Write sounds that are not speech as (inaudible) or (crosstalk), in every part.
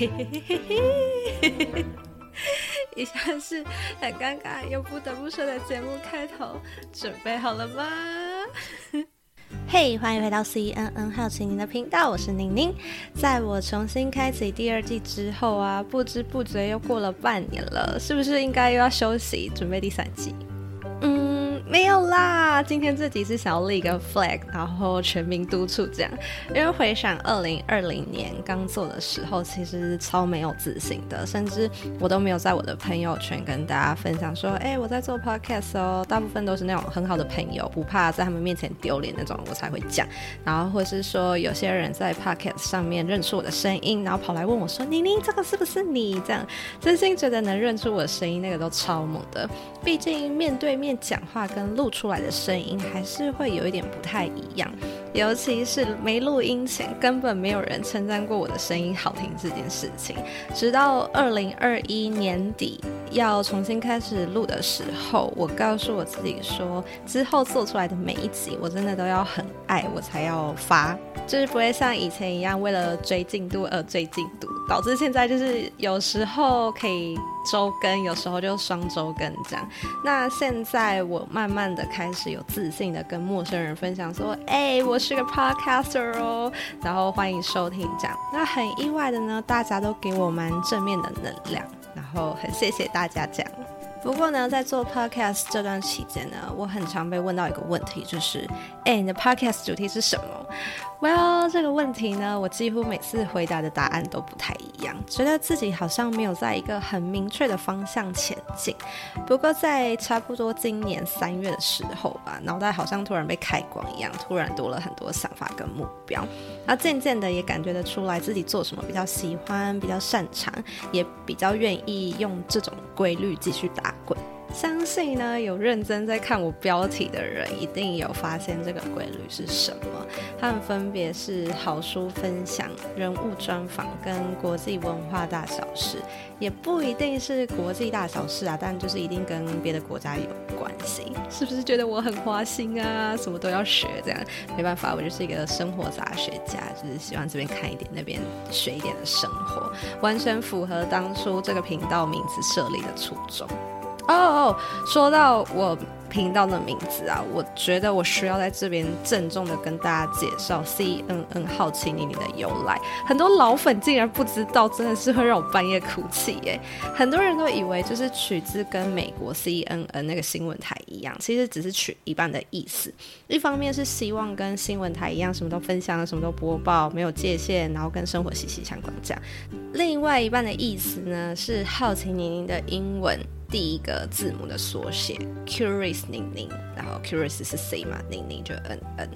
嘿嘿嘿嘿嘿， (laughs) 以上是很尷尬又不得不說的節目開頭，準備好了嗎？嘿，hey, 歡迎回到 CNN 好奇您的頻道，我是寧寧。在我重新開啟第二季之後啊，不知不覺又過了半年了，是不是應該又要休息準備第三季？沒有啦，今天自己是想要立個 flag，然後全民督促這樣。因為回想二零二零年剛做的時候，其實超沒有自信的，甚至我都沒有在我的朋友圈跟大家分享說，哎、欸，我在做 podcast 哦。大部分都是那種很好的朋友，不怕在他們面前丟臉那種，我才會講。然後或者是說，有些人在 podcast 上面認出我的聲音，然後跑來問我說，妮妮，這個是不是你？這樣真心覺得能認出我的聲音，那個都超猛的。畢竟面對面講話跟錄出來的聲音還是會有一點不太一樣。尤其是沒錄音前，根本沒有人稱讚過我的聲音好聽這件事情。直到二零二一年底要重新開始錄的時候，我告訴我自己說，之後做出來的每一集，我真的都要很愛我才要發，就是不會像以前一樣為了追進度而、呃、追進度，導致現在就是有時候可以週更，有時候就雙週更這樣。那現在我慢慢的開始有自信的跟陌生人分享說，哎、欸，我。是個 podcaster 哦，然後歡迎收聽這樣。那很意外的呢，大家都給我們正面的能量，然後很謝謝大家這樣。不過呢，在做 podcast 這段期間呢，我很常被問到一個問題，就是：哎、欸，你的 podcast 主題是什麼？Well，這個問題呢，我幾乎每次回答的答案都不太一樣，覺得自己好像沒有在一個很明確的方向前進。不過在差不多今年三月的時候吧，腦袋好像突然被開光一樣，突然多了很多想法跟目標。那漸漸的也感覺得出來自己做什麼比較喜歡、比較擅長，也比較願意用這種規律繼續打滾。相信呢，有認真在看我標題的人，一定有發現這個規律是什麼？他們分別是好書分享、人物專訪跟國際文化大小事，也不一定是國際大小事啊，但就是一定跟別的國家有關係。是不是覺得我很花心啊？什麼都要學這樣？沒辦法，我就是一個生活雜學家，就是喜歡這邊看一點，那邊學一點的生活，完全符合當初這個頻道名字設立的初衷。哦，oh, oh, 說到我頻道的名字啊，我覺得我需要在這邊鄭重的跟大家介紹 C N N 好奇妮妮的由來。很多老粉竟然不知道，真的是會讓我半夜哭泣耶、欸。很多人都以為就是取自跟美國 C N N 那個新聞台一樣，其實只是取一半的意思。一方面是希望跟新聞台一樣，什麼都分享，什麼都播報，沒有界限，然後跟生活息息相關這樣。另外一半的意思呢，是好奇妮妮的英文。第一個字母的縮寫，Curious 寧寧，N IN N IN, 然後 Curious 是 C 嘛，寧寧就 N N，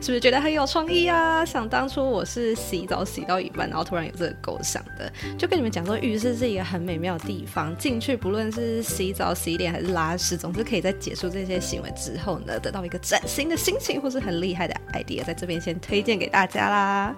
是不是覺得很有創意啊？想當初我是洗澡洗到一半，然後突然有這個構想的，就跟你們講說浴室是，是一個很美妙的地方，進去不論是洗澡、洗臉還是拉屎，總是可以在結束這些行為之後呢，得到一個嶄新的心情或是很厲害的 idea，在這邊先推薦給大家啦。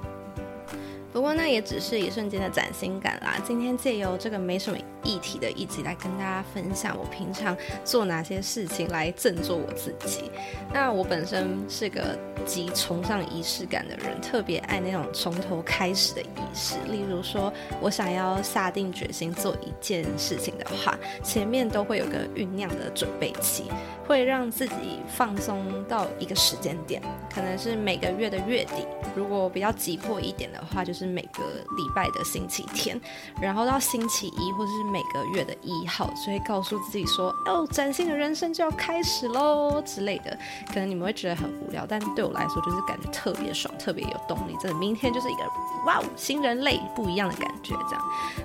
不過那也只是一瞬間的嶄新感啦。今天借由這個沒什麼議題的一集來跟大家分享我平常做哪些事情來振作我自己。那我本身是個極崇尚儀式感的人，特別愛那種從頭開始的儀式。例如說，我想要下定決心做一件事情的話，前面都會有個醞釀的準備期，會讓自己放鬆到一個時間點，可能是每個月的月底。如果比較急迫一點的話，就是。是每個禮拜的星期天，然後到星期一或者是每個月的一號，就會告訴自己說：“哦，嶄新的人生就要開始嘍”之類的。可能你們會覺得很無聊，但對我來說就是感覺特別爽、特別有動力。真的，明天就是一個哇、哦，新人類，不一樣的感覺。這樣，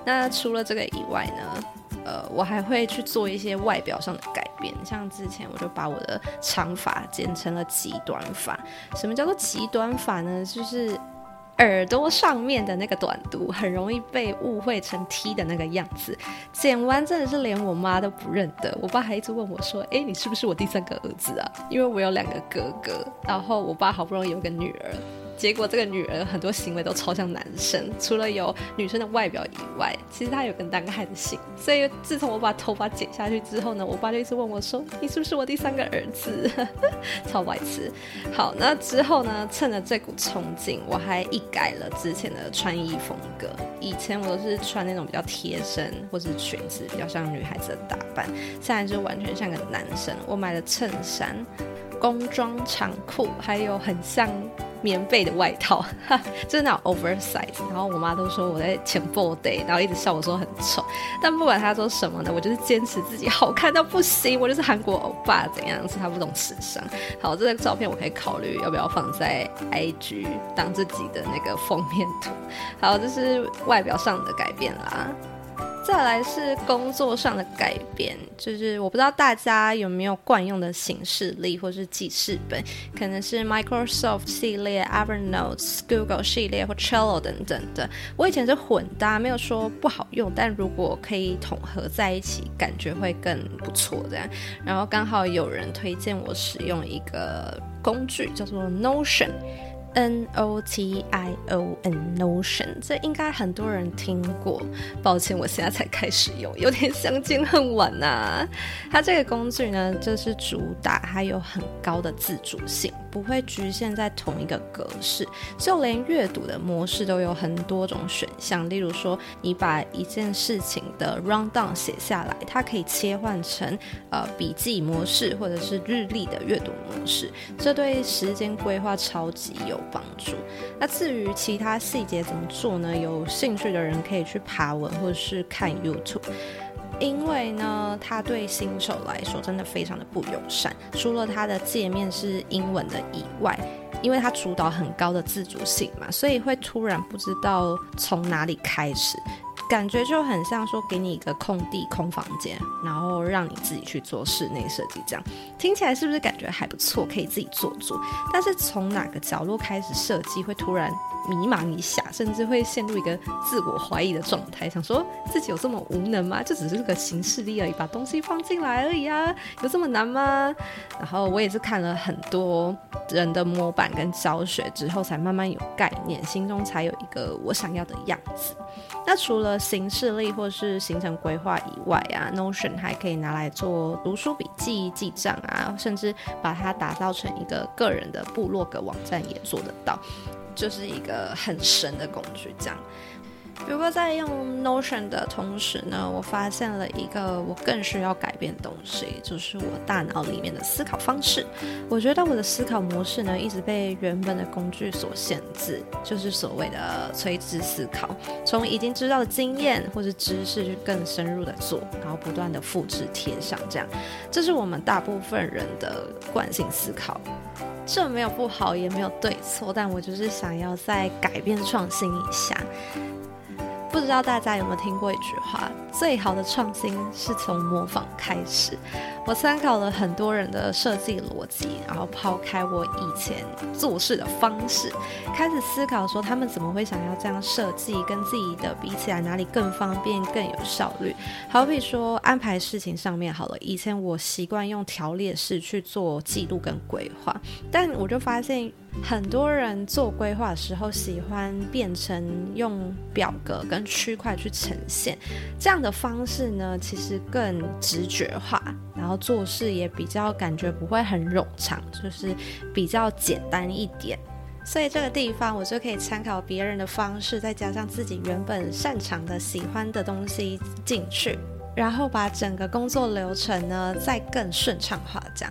那除了這個以外呢，呃，我還會去做一些外表上的改變。像之前我就把我的長髮剪成了極短髮。什麼叫做極短髮呢？就是。耳朵上面的那個短度很容易被誤會成 T 的那個樣子，剪完真的是連我媽都不認得，我爸還一直問我說：“哎、欸，你是不是我第三個兒子啊？”因為我有兩個哥哥，然後我爸好不容易有個女兒。結果這個女人很多行為都超像男生，除了有女生的外表以外，其實她有個男孩子性。所以自從我把頭髮剪下去之後呢，我爸就一直問我說：“你是不是我第三個兒子？”呵呵超白痴。好，那之後呢，趁着這股衝勁，我還一改了之前的穿衣風格。以前我都是穿那種比較貼身或是裙子，比較像女孩子的打扮。現在就完全像個男生。我買了襯衫。工裝長褲，還有很像棉被的外套，哈，真的 oversize。然後我媽都說我在穿 full day，然後一直笑我說很醜。但不管她說什麼呢，我就是堅持自己好看到不行。我就是韓國歐巴怎樣？是她不懂時尚。好，這個照片我可以考慮要不要放在 IG 當自己的那個封面圖。好，這是外表上的改變啦。再來是工作上的改變，就是我不知道大家有沒有慣用的行事曆，或是記事本，可能是 Microsoft 系列、Evernote、Google 系列或 Trello 等等的。我以前是混搭，沒有說不好用，但如果可以統合在一起，感覺會更不錯。這樣，然後剛好有人推薦我使用一個工具，叫做 Notion。N-O-T-I-O-N Notion，這應該很多人聽過。抱歉，我現在才開始用，有點相見恨晚啊。它這個工具呢，就是主打，還 itu? 有很高的自主性。不會局限在同一個格式，就連閱讀的模式都有很多種選項。例如說，你把一件事情的 rundown 寫下來，它可以切換成呃筆記模式，或者是日曆的閱讀模式，這對時間規劃超級有幫助。那至於其他細節怎麼做呢？有興趣的人可以去爬文，或者是看 YouTube。因為呢，它對新手來說真的非常的不友善。除了它的界面是英文的以外，因為它主導很高的自主性嘛，所以會突然不知道從哪裡開始，感覺就很像說給你一個空地、空房間，然後讓你自己去做室內設計。這樣聽起來是不是感覺還不錯，可以自己做做？但是從哪個角落開始設計，會突然。迷茫一下，甚至會陷入一個自我懷疑的狀態，想說自己有這麼無能嗎？就只是一個行事曆而已，把東西放進來而已啊，有這麼難嗎？然後我也是看了很多人的模板跟教學之後，才慢慢有概念，心中才有一個我想要的樣子。那除了行事曆或是行程規劃以外啊，Notion 還可以拿來做讀書筆記、記賬啊，甚至把它打造成一個個人的部落格網站，也做得到。就是一個很神的工具，這樣。比如說在用 Notion 的同時呢，我發現了一個我更需要改變的東西，就是我大腦裡面的思考方式。我覺得我的思考模式呢，一直被原本的工具所限制，就是所謂的垂直思考，從已經知道的經驗或者知識去更深入的做，然後不斷的複製貼上，這樣，這是我們大部分人的慣性思考。這沒有不好，也沒有對錯，但我就是想要再改變創新一下。不知道大家有沒有聽過一句話：“最好的創新是從模仿開始。”我參考了很多人的設計邏輯，然後拋開我以前做事的方式，開始思考說他們怎麼會想要這樣設計，跟自己的比起來哪裡更方便、更有效率。好比說安排事情上面好了，以前我習慣用條列式去做記錄跟規劃，但我就發現很多人做規劃的時候喜歡變成用表格跟區塊去呈現，這樣的方式呢，其實更直覺化，然後。做事也比較感覺不會很冗長，就是比較簡單一點，所以這個地方我就可以參考別人的方式，再加上自己原本擅長的、喜歡的東西進去。然後把整個工作流程呢，再更順暢化。這樣，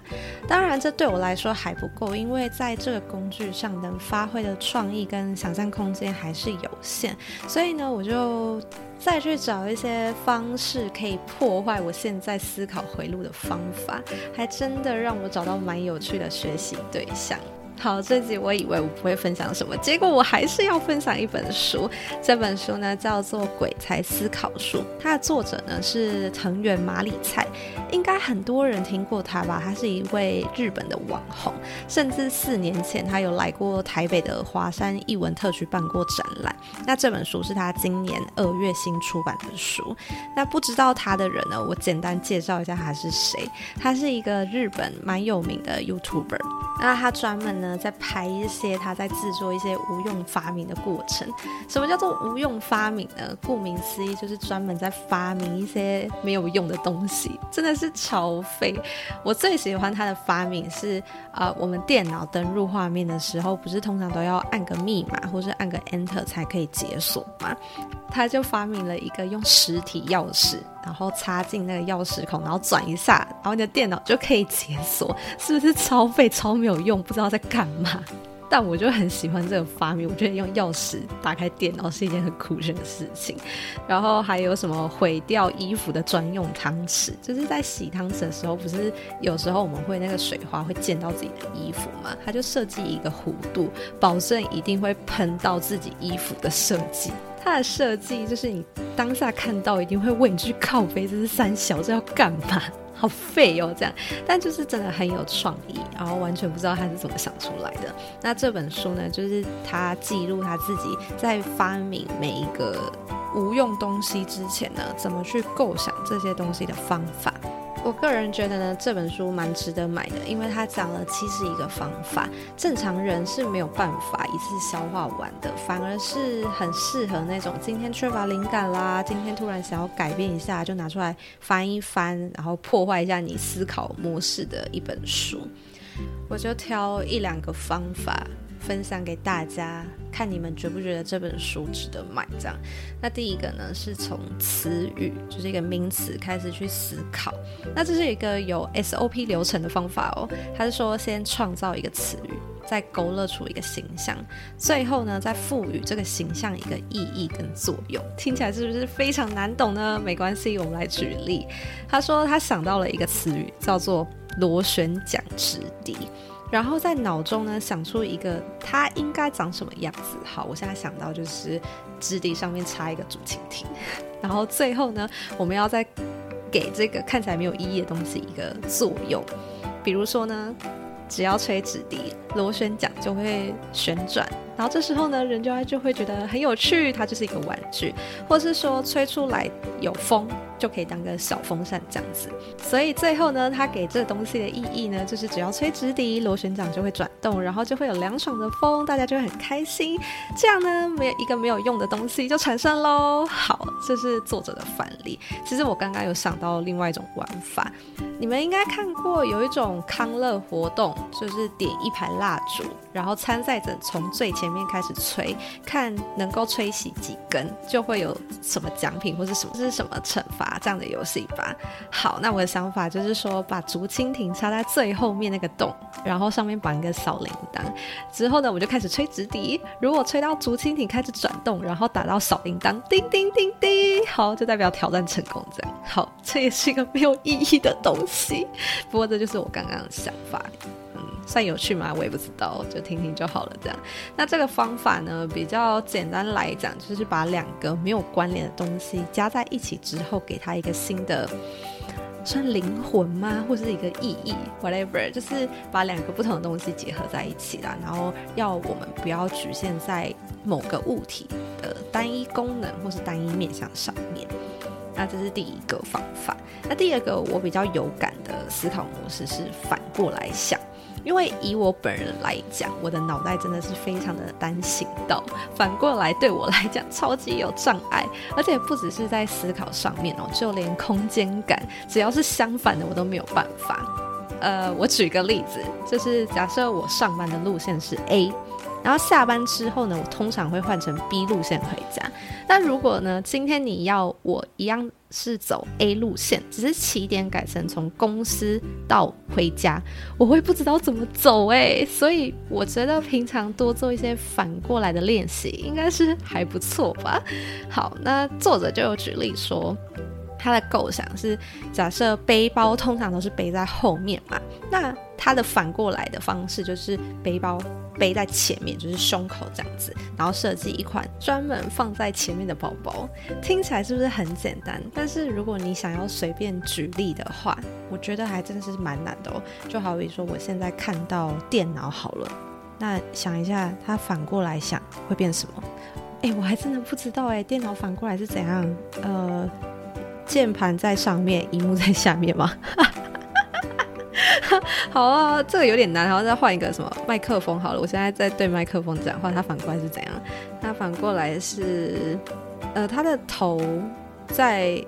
當然這對我來說還不夠，因為在這個工具上能發揮的創意跟想象空間還是有限。所以呢，我就再去找一些方式可以破壞我現在思考回路的方法，還真的讓我找到蠻有趣的學習對象。好，這集我以為我不會分享什麼，結果我還是要分享一本書。這本書呢叫做《鬼才思考術》，它的作者呢是藤原麻里菜，應該很多人聽過他吧？他是一位日本的網紅，甚至四年前他有來過台北的華山藝文特區辦過展覽。那這本書是他今年二月新出版的書。那不知道他的人呢，我簡單介紹一下他是誰。他是一個日本蠻有名的 YouTuber，那他專門呢。在拍一些他在製作一些無用發明的過程。什麼叫做無用發明呢？顧名思義，就是專門在發明一些沒有用的東西，真的是超廢。我最喜歡他的發明是啊、呃，我們電腦登入畫面的時候，不是通常都要按個密碼或是按個 Enter 才可以解鎖嗎？他就發明了一個用實體鑰匙。然後插進那個鑰匙孔，然後轉一下，然後你的電腦就可以解鎖，是不是超廢、超沒有用，不知道在幹嘛？但我就很喜歡這個發明，我覺得用鑰匙打開電腦是一件很酷炫的事情。然後還有什麼毀掉衣服的專用湯匙，就是在洗湯匙的時候，不是有時候我們會那個水花會濺到自己的衣服嗎？它就設計一個弧度，保證一定會噴到自己衣服的設計。它的設計就是你當下看到一定會問一句：“靠杯這是三小，這要幹嘛？好廢哦！”這樣，但就是真的很有創意，然後完全不知道他是怎麼想出來的。那這本書呢，就是他記錄他自己在發明每一個無用東西之前呢，怎麼去構想這些東西的方法。我個人覺得呢，這本書蠻值得買的，因為它講了七十一個方法，正常人是沒有辦法一次消化完的，反而是很適合那種今天缺乏靈感啦，今天突然想要改變一下，就拿出來翻一翻，然後破壞一下你思考模式的一本書。我就挑一兩個方法。分享給大家看，你們覺不覺得這本書值得買？這樣，那第一個呢，是從詞語，就是一個名詞開始去思考。那這是一個有 SOP 流程的方法哦，他是說先創造一個詞語，再勾勒出一個形象，最後呢，再賦予這個形象一個意義跟作用。聽起來是不是非常難懂呢？沒關係，我們來舉例。他說他想到了一個詞語，叫做“螺旋槳之敵”。然後在腦中呢，想出一個它應該長什麼樣子。好，我現在想到就是紙笛，上面插一個竹蜻蜓，然後最後呢，我們要再給這個看起來沒有意義的東西一個作用，比如說呢，只要吹紙笛，螺旋槳就會旋轉，然後這時候呢，人家就會覺得很有趣，它就是一個玩具，或是說吹出來有風就可以當個小風扇這樣子。所以最後呢，它給這東西的意義呢，就是只要吹直笛，螺旋槳就會轉動，然後就會有涼爽的風，大家就會很開心。這樣呢，沒有一個沒有用的東西就產生嘍。好，這、就是作者的範例。其實我剛剛有想到另外一種玩法，你們應該看過有一種康樂活動，就是點一排蠟。蠟燭，然後參賽者從最前面開始吹，看能夠吹熄幾根，就會有什麼獎品或者什麼，這、就是什麼懲罰這樣的遊戲吧？好，那我的想法就是說，把竹蜻蜓插在最後面那個洞，然後上面綁一個小鈴鐺，之後呢，我就開始吹直笛。如果吹到竹蜻蜓開始轉動，然後打到小鈴鐺，叮叮叮叮，叮，好，就代表挑戰成功。這樣，好，這也是一個沒有意義的東西。不過，這就是我剛剛的想法。算有趣嗎？我也不知道，就聽聽就好了。這樣，那這個方法呢，比較簡單來講，就是把兩個沒有關聯的東西加在一起之後，給它一個新的，算靈魂嗎？或是一個意義，whatever，就是把兩個不同的東西結合在一起啦。然後要我們不要局限在某個物體的單一功能或是單一面向上面。那這是第一個方法。那第二個我比較有感的思考模式是，是反過來想。因為以我本人來講，我的腦袋真的是非常的單行道。反過來對我來講，超級有障礙，而且不只是在思考上面哦，就連空間感，只要是相反的，我都沒有辦法。呃，我舉個例子，就是假設我上班的路線是 A。然後下班之後呢，我通常會換成 B 路線回家。那如果呢，今天你要我一樣是走 A 路線，只是起點改成從公司到回家，我會不知道怎麼走欸，所以我覺得平常多做一些反過來的練習，應該是還不錯吧。好，那作者就有舉例說，他的構想是假設背包通常都是背在後面嘛，那他的反過來的方式就是背包。背在前面就是胸口這樣子，然後設計一款專門放在前面的包包，聽起來是不是很簡單？但是如果你想要隨便舉例的話，我覺得還真的是蠻難的哦。就好比說我現在看到電腦好了，那想一下，它反過來想會變什麼？哎，我還真的不知道誒，電腦反過來是怎樣？呃，鍵盤在上面，熒幕在下面嗎？ (laughs) (laughs) 好啊，這個有點難，然後再換一個什麼麥克風好了。我現在在對麥克風講話，它反過來是怎樣？它反過來是，呃，它的頭在。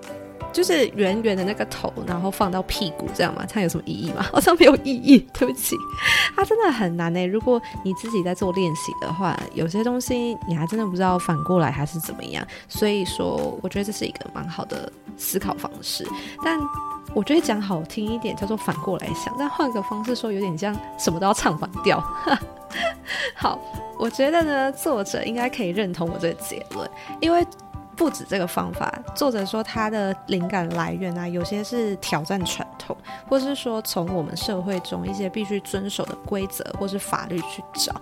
就是圓圓的那個頭，然後放到屁股，這樣嘛？它有什麼意義嗎？好像沒有意義，對不起，它真的很難呢、欸。如果你自己在做練習的話，有些東西你還真的不知道反過來還是怎麼樣。所以說，我覺得這是一個蠻好的思考方式。但我覺得講好聽一點叫做反過來想，但換個方式說，有點像什麼都要唱反調。好，我覺得呢，作者應該可以認同我這個結論，因為。不止這個方法，作者說他的靈感來源啊，有些是挑戰傳統，或是說從我們社會中一些必須遵守的規則或是法律去找。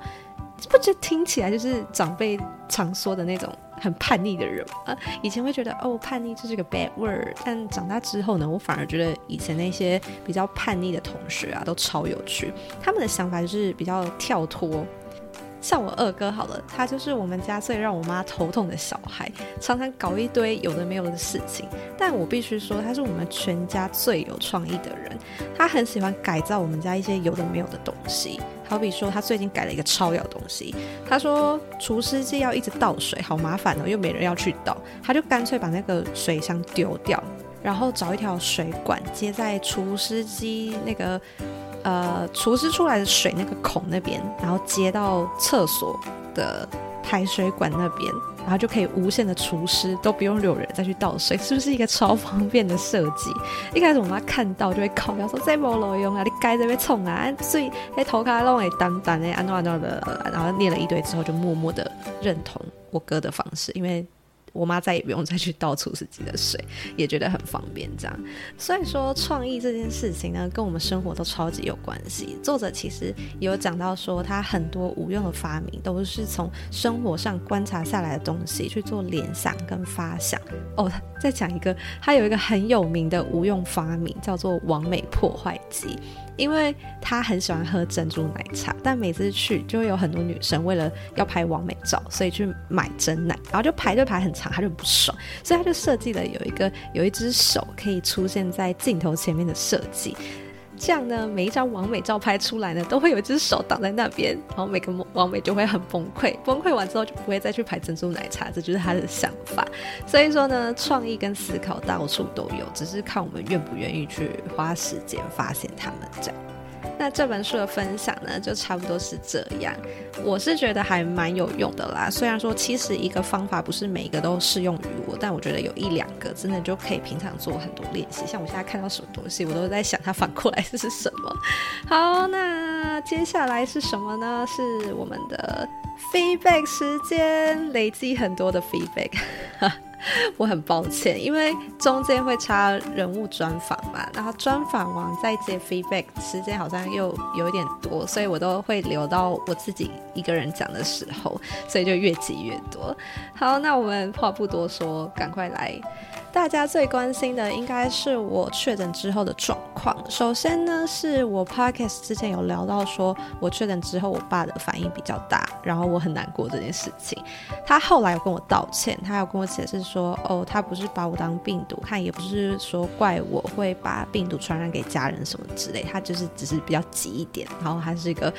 這不就聽起來就是長輩常說的那種很叛逆的人嗎？呃，以前會覺得哦，叛逆就是個 bad word，但長大之後呢，我反而覺得以前那些比較叛逆的同學啊，都超有趣。他們的想法就是比較跳脫。像我二哥好了，他就是我們家最讓我媽頭痛的小孩，常常搞一堆有的沒有的事情。但我必須說，他是我們全家最有創意的人。他很喜歡改造我們家一些有的沒有的東西。好比說，他最近改了一個超要東西。他說，除濕機要一直倒水，好麻煩哦，又沒人要去倒，他就乾脆把那個水箱丟掉，然後找一條水管接在除濕機那個。呃，除濕出來的水那個孔那邊，然後接到廁所的排水管那邊，然後就可以無限的除濕，都不用有人再去倒水，是不是一個超方便的設計？ (laughs) 一開始我媽看到就會靠邊說：“ (laughs) 這沒有用啊，你該這邊衝啊！”所以頭卡弄誒，當當按安按的，然後念了一堆之後，就默默的認同我哥的方式，因為。我媽再也不用再去倒除濕機的水，也覺得很方便這樣。所以說創意這件事情呢，跟我們生活都超級有關係。作者其實有講到說，他很多無用的發明都是從生活上觀察下來的東西去做聯想跟發想。哦，再講一個，他有一個很有名的無用發明，叫做網美破壞機。因為他很喜歡喝珍珠奶茶，但每次去就會有很多女生為了要拍完美照，所以去買珍奶，然後就排隊排很長，他就不爽，所以他就設計了有一個有一隻手可以出現在鏡頭前面的設計。這樣呢，每一張網美照拍出來呢，都會有一只手擋在那邊，然後每個網美就會很崩潰，崩潰完之後就不會再去排珍珠奶茶，這就是他的想法。所以說呢，創意跟思考到處都有，只是看我們願不願意去花時間發現他們這樣。那這本書的分享呢，就差不多是這樣。我是覺得還蠻有用的啦，雖然說其實一個方法不是每一個都適用於我，但我覺得有一兩個真的就可以平常做很多練習。像我現在看到什麼東西，我都在想它反過來是什麼。好，那接下來是什麼呢？是我們的 feedback 時間，累積很多的 feedback。 (laughs) 我很抱歉，因為中間會插人物專訪嘛，然後專訪完再接 feedback 時間好像又有點多，所以我都會留到我自己一個人講的時候，所以就越積越多。好，那我們話不多說，趕快來。大家最關心的應該是我確診之後的狀況。首先呢，是我 Podcast 之前有聊到，說我確診之後，我爸的反應比較大，然後我很難過這件事情。他後來有跟我道歉，他有跟我解釋說，哦，他不是把我當病毒看，也不是說怪我會把病毒傳染給家人什麼之類，他就是只是比較急一點，然後他是一個。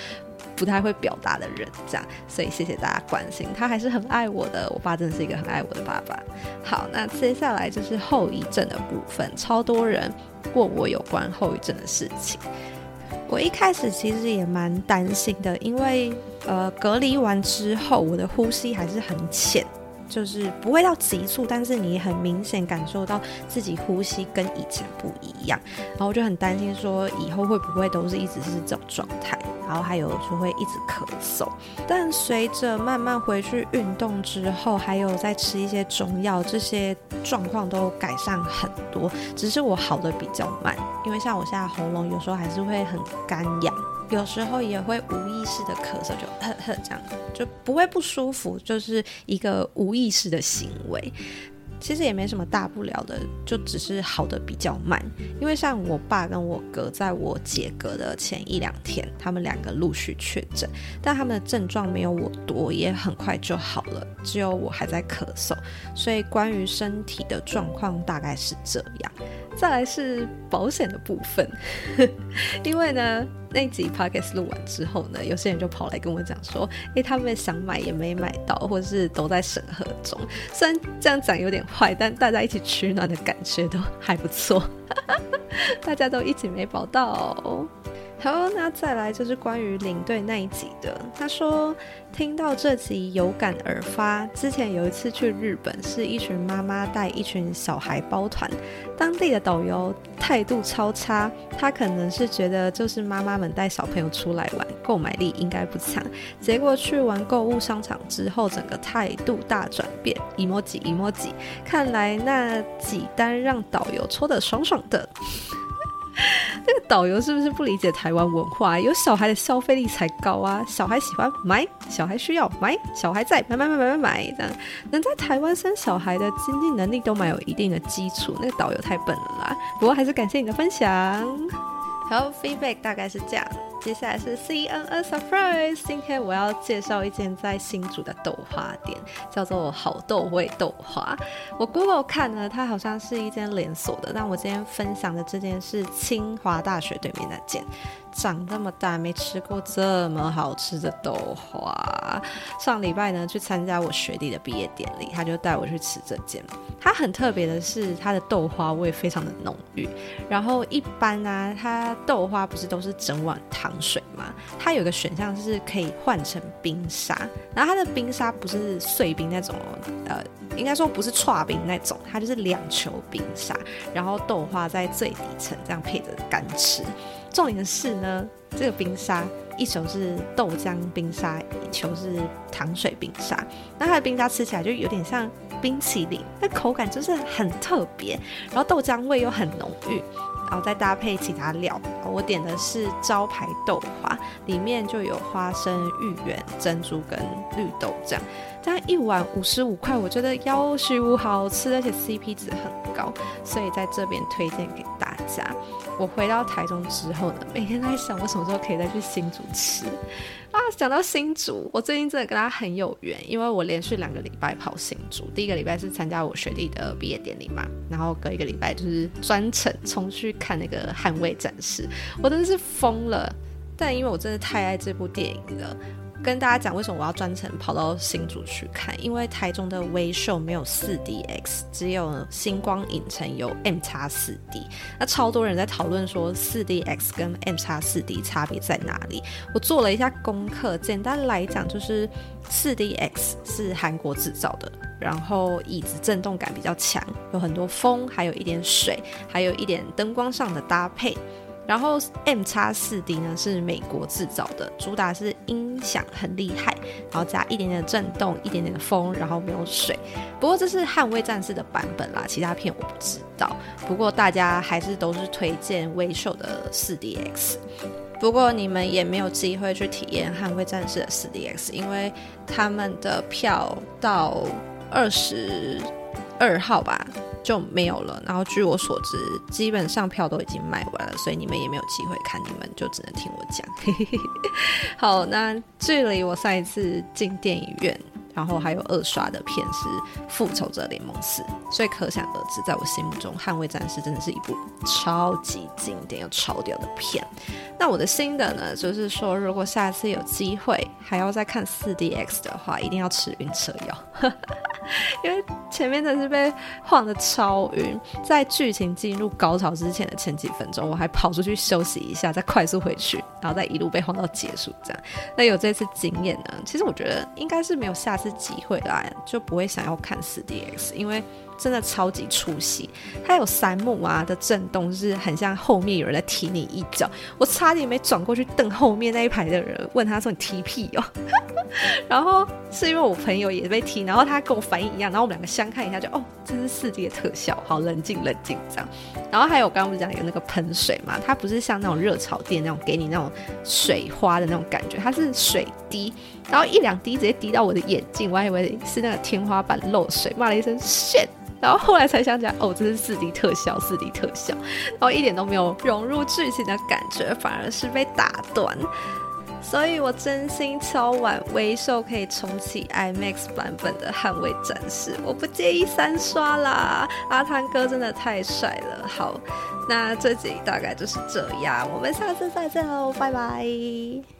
不太會表達的人這樣。所以謝謝大家關心，他還是很愛我的。我爸真的是一個很愛我的爸爸。好，那接下來就是後遺症的部分，超多人問我有關後遺症的事情。我一開始其實也蠻擔心的，因為呃，隔離完之後我的呼吸還是很淺。就是不會到急促，但是你很明顯感受到自己呼吸跟以前不一樣，然後就很擔心說，以後會不會都是一直是這種狀態，然後還有就會一直咳嗽。但隨着慢慢回去運動之後，還有再吃一些中藥，這些狀況都改善很多。只是我好的比較慢，因為像我現在喉嚨有時候還是會很乾癢。有時候也會無意識的咳嗽，就咳咳這樣，就不會不舒服，就是一個無意識的行為。其實也沒什麼大不了的，就只是好的比較慢。因為像我爸跟我哥，在我解隔的前一兩天，他們兩個陸續確診，但他們的症狀沒有我多，也很快就好了。只有我還在咳嗽，所以關於身體的狀況大概是這樣。再來是保險的部分，呵呵，因為呢。那集 podcast 錄完之後呢，有些人就跑來跟我講說：“哎、欸，他們想買也沒買到，或者是都在審核中。雖然這樣講有點壞，但大家一起取暖的感覺都還不錯， (laughs) 大家都一起沒保到。”好，那再來就是關於領隊那一集的。他說聽到這集有感而發，之前有一次去日本，是一群媽媽帶一群小孩包團，當地的導遊態度超差，他可能是覺得就是媽媽們帶小朋友出來玩，購買力應該不強。結果去完購物商場之後，整個態度大轉變，一摸幾，一摸幾，看來那幾單讓導遊搓得爽爽的。 (laughs) 那個導遊是不是不理解台灣文化啊？有小孩的消費力才高啊！小孩喜歡買，小孩需要買，小孩在買買買買買買這樣。能在台灣生小孩的經濟能力都蠻有一定的基礎。那個導遊太笨了啦！不過還是感謝你的分享。好，feedback 大概是這樣。接下來是 C N N Surprise。今天我要介紹一間在新竹的豆花店，叫做好豆味豆花。我 Google 看呢，它好像是一間連鎖的，但我今天分享的這間是清華大學對面那間。長這麼大沒吃過這麼好吃的豆花。上禮拜呢，去參加我學弟的畢業典禮，他就帶我去吃這間。它很特別的是，它的豆花味非常的濃郁。然後一般呢、啊，它豆花不是都是整碗湯。水嘛，它有個選項是可以換成冰沙，然後它的冰沙不是碎冰那種，呃，應該說不是剉冰那種，它就是兩球冰沙，然後豆花在最底層，這樣配着乾吃。重點是呢，這個冰沙一球是豆漿冰沙，一球是糖水冰沙，那它的冰沙吃起來就有點像冰淇淋，那口感就是很特別，然後豆漿味又很濃郁。然後再搭配其他料，我點的是招牌豆花，裡面就有花生、芋圓、珍珠跟綠豆醬，這樣一碗五十五塊，我覺得夭壽好吃，而且 CP 值很高，所以在這邊推薦給大家。下、啊，我回到台中之後呢，每天在想我什麼時候可以再去新竹吃啊。講到新竹，我最近真的跟他很有緣，因為我連續兩個禮拜跑新竹，第一個禮拜是參加我學弟的畢業典禮嘛，然後隔一個禮拜就是專程衝去看那個《捍衛戰士》。我真的是瘋了。但因為我真的太愛這部電影了。跟大家講，為什麼我要專程跑到新竹去看？因為台中的威秀沒有 4DX，只有呢星光影城有 MX4D。那超多人在討論說 4DX 跟 MX4D 差別在哪裡。我做了一下功課，簡單來講就是 4DX 是韓國製造的，然後椅子震動感比較強，有很多風，還有一點水，還有一點燈光上的搭配。然後 MX4D 呢是美國製造的，主打是音響很厲害，然後加一點點的震動，一點點的風，然後沒有水。不過這是《捍衛戰士》的版本啦，其他片我不知道。不過大家還是都是推薦威秀的 4DX。不過你們也沒有機會去體驗《捍衛戰士》的 4DX，因為他們的票到二十二號吧。就沒有了。然後據我所知，基本上票都已經賣完了，所以你們也沒有機會看，你們就只能聽我講。 (laughs) 好，那距離我上一次進電影院。然後還有二刷的片是《復仇者聯盟四》，所以可想而知，在我心目中，《捍衛戰士》真的是一部超級經典又超屌的片。那我的心得呢，就是說，如果下次有機會還要再看 4DX 的話，一定要吃暈車藥， (laughs) 因為前面的是被晃的超暈。在劇情進入高潮之前的前幾分鐘，我還跑出去休息一下，再快速回去，然後再一路被晃到結束。這樣，那有這次經驗呢，其實我覺得應該是沒有下次。自己回來就不會想要看四 DX，因為真的超級出戲，它有三幕啊的震動，就是很像後面有人在踢你一腳，我差點沒轉過去瞪後面那一排的人，問他說你踢屁哦？ (laughs) 然後是因為我朋友也被踢，然後他跟我反應一樣，然後我們兩個相看一下就哦，這是四 D 的特效，好冷靜冷靜這樣。然後還有剛剛不是講有那個噴水嘛，它不是像那種熱炒店那種給你那種水花的那種感覺，它是水滴。然後一兩滴直接滴到我的眼睛，我還以為是那個天花板漏水，罵了一聲 shit。然後後來才想起來，哦，這是四 D 特效，四 D 特效，然後一點都沒有融入劇情的感覺，反而是被打斷。所以我真心敲碗威秀可以重啟 IMAX 版本的《捍衛戰士》，我不介意三刷啦。阿湯哥真的太帥了。好，那這集大概就是這樣，我們下次再見嘍，拜拜。